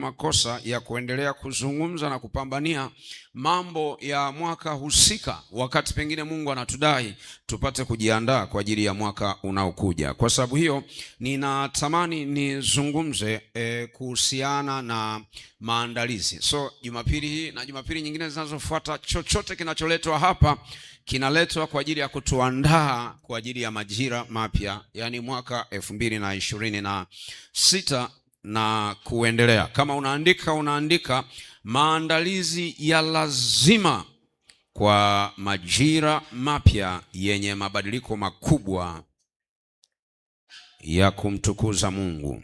makosa ya kuendelea kuzungumza na kupambania mambo ya mwaka husika, wakati pengine Mungu anatudai tupate kujiandaa kwa ajili ya mwaka unaokuja. Kwa sababu hiyo, ninatamani nizungumze e, kuhusiana na maandalizi. So Jumapili hii na Jumapili nyingine zinazofuata, chochote kinacholetwa hapa kinaletwa kwa ajili ya kutuandaa kwa ajili ya majira mapya, yaani mwaka elfu mbili na ishirini na sita na kuendelea. Kama unaandika unaandika maandalizi ya lazima kwa majira mapya yenye mabadiliko makubwa ya kumtukuza Mungu.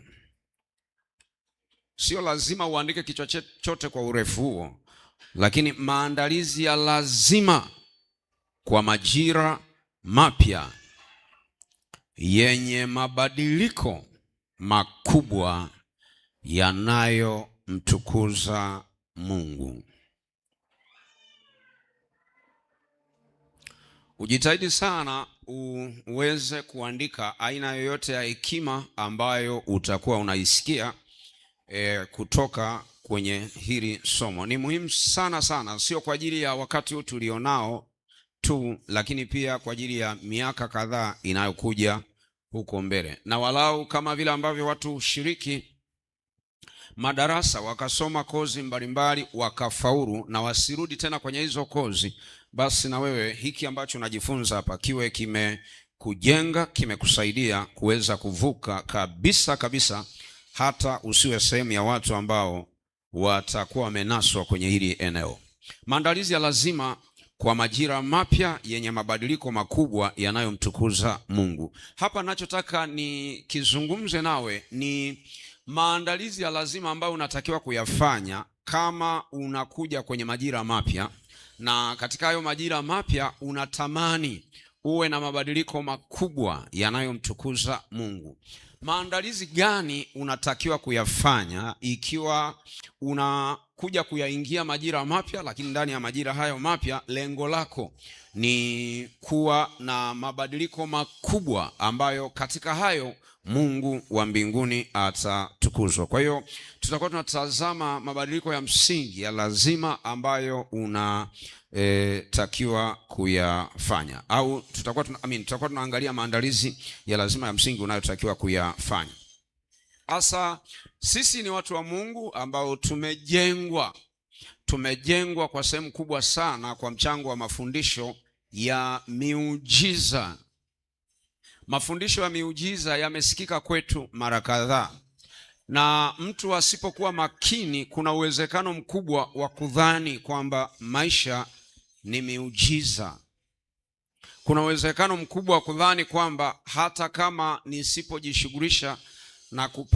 Sio lazima uandike kichwa chote kwa urefu huo, lakini maandalizi ya lazima kwa majira mapya yenye mabadiliko makubwa yanayomtukuza Mungu. Ujitahidi sana uweze kuandika aina yoyote ya hekima ambayo utakuwa unaisikia e, kutoka kwenye hili somo. Ni muhimu sana sana, sio kwa ajili ya wakati huu tulionao tu, lakini pia kwa ajili ya miaka kadhaa inayokuja huko mbele, na walau kama vile ambavyo watu hushiriki madarasa wakasoma kozi mbalimbali wakafaulu na wasirudi tena kwenye hizo kozi, basi na wewe hiki ambacho unajifunza hapa kiwe kimekujenga, kimekusaidia kuweza kuvuka kabisa kabisa, hata usiwe sehemu ya watu ambao watakuwa wamenaswa kwenye hili eneo. Maandalizi ya lazima kwa majira mapya yenye mabadiliko makubwa yanayomtukuza Mungu. Hapa nachotaka ni kizungumze nawe ni maandalizi ya lazima ambayo unatakiwa kuyafanya kama unakuja kwenye majira mapya, na katika hayo majira mapya unatamani uwe na mabadiliko makubwa yanayomtukuza Mungu. Maandalizi gani unatakiwa kuyafanya ikiwa una kuja kuyaingia majira mapya, lakini ndani ya majira hayo mapya lengo lako ni kuwa na mabadiliko makubwa ambayo katika hayo Mungu wa mbinguni atatukuzwa. Kwa hiyo tutakuwa tunatazama mabadiliko ya msingi ya lazima ambayo unatakiwa e, kuyafanya au tutakuwa tuna, I mean, tutakuwa tunaangalia maandalizi ya lazima ya msingi unayotakiwa kuyafanya. Sasa sisi ni watu wa Mungu ambao tumejengwa tumejengwa kwa sehemu kubwa sana kwa mchango wa mafundisho ya miujiza. Mafundisho ya miujiza yamesikika kwetu mara kadhaa, na mtu asipokuwa makini, kuna uwezekano mkubwa wa kudhani kwamba maisha ni miujiza. Kuna uwezekano mkubwa wa kudhani kwamba hata kama nisipojishughulisha na kupa